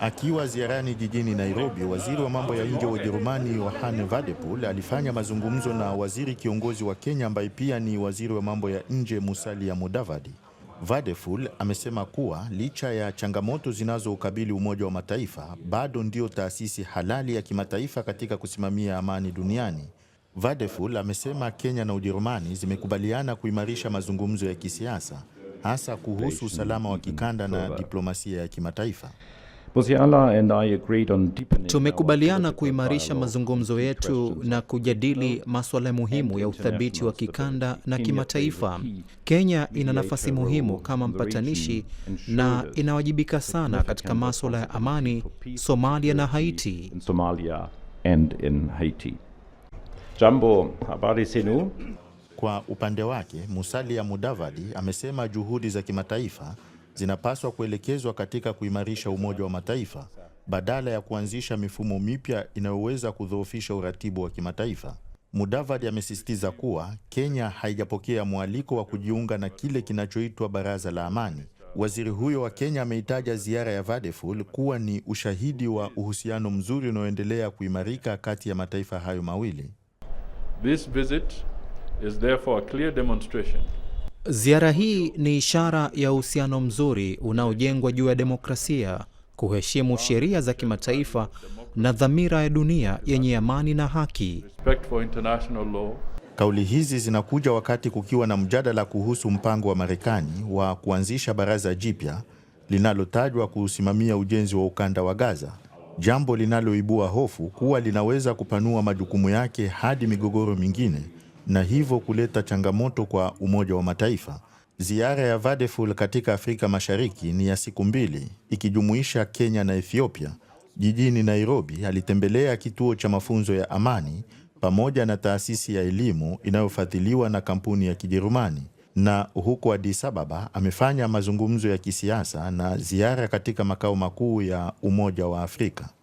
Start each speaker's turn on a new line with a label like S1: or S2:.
S1: Akiwa ziarani jijini Nairobi, waziri wa mambo ya nje wa Ujerumani Yohann Wadephul alifanya mazungumzo na waziri kiongozi wa Kenya ambaye pia ni waziri wa mambo ya nje Musalia Mudavadi. Wadephul amesema kuwa licha ya changamoto zinazoukabili Umoja wa Mataifa, bado ndio taasisi halali ya kimataifa katika kusimamia amani duniani. Wadephul amesema Kenya na Ujerumani zimekubaliana kuimarisha mazungumzo ya kisiasa hasa kuhusu usalama wa kikanda na diplomasia ya kimataifa. Tumekubaliana kuimarisha mazungumzo yetu na kujadili masuala muhimu ya uthabiti wa kikanda na kimataifa. Kenya ina nafasi muhimu kama mpatanishi na inawajibika sana katika masuala ya amani Somalia na Haiti.
S2: Jambo, habari zenu. Kwa upande wake, Musalia Mudavadi amesema juhudi za kimataifa zinapaswa kuelekezwa katika kuimarisha Umoja wa Mataifa badala ya kuanzisha mifumo mipya inayoweza kudhoofisha uratibu wa kimataifa. Mudavadi amesisitiza kuwa Kenya haijapokea mwaliko wa kujiunga na kile kinachoitwa Baraza la Amani. Waziri huyo wa Kenya ameitaja ziara ya Vadeful kuwa ni ushahidi wa uhusiano mzuri unaoendelea kuimarika kati ya mataifa hayo mawili.
S3: This visit is therefore a clear demonstration
S1: Ziara hii ni ishara ya uhusiano mzuri unaojengwa juu ya demokrasia, kuheshimu sheria za kimataifa na dhamira ya dunia yenye amani na haki.
S2: Kauli hizi zinakuja wakati kukiwa na mjadala kuhusu mpango wa Marekani wa kuanzisha baraza jipya linalotajwa kusimamia ujenzi wa ukanda wa Gaza, jambo linaloibua hofu kuwa linaweza kupanua majukumu yake hadi migogoro mingine na hivyo kuleta changamoto kwa Umoja wa Mataifa. Ziara ya Vadeful katika Afrika Mashariki ni ya siku mbili ikijumuisha Kenya na Ethiopia. Jijini Nairobi alitembelea kituo cha mafunzo ya amani pamoja na taasisi ya elimu inayofadhiliwa na kampuni ya Kijerumani, na huko Addis Ababa amefanya mazungumzo ya kisiasa na ziara katika makao makuu ya Umoja wa Afrika.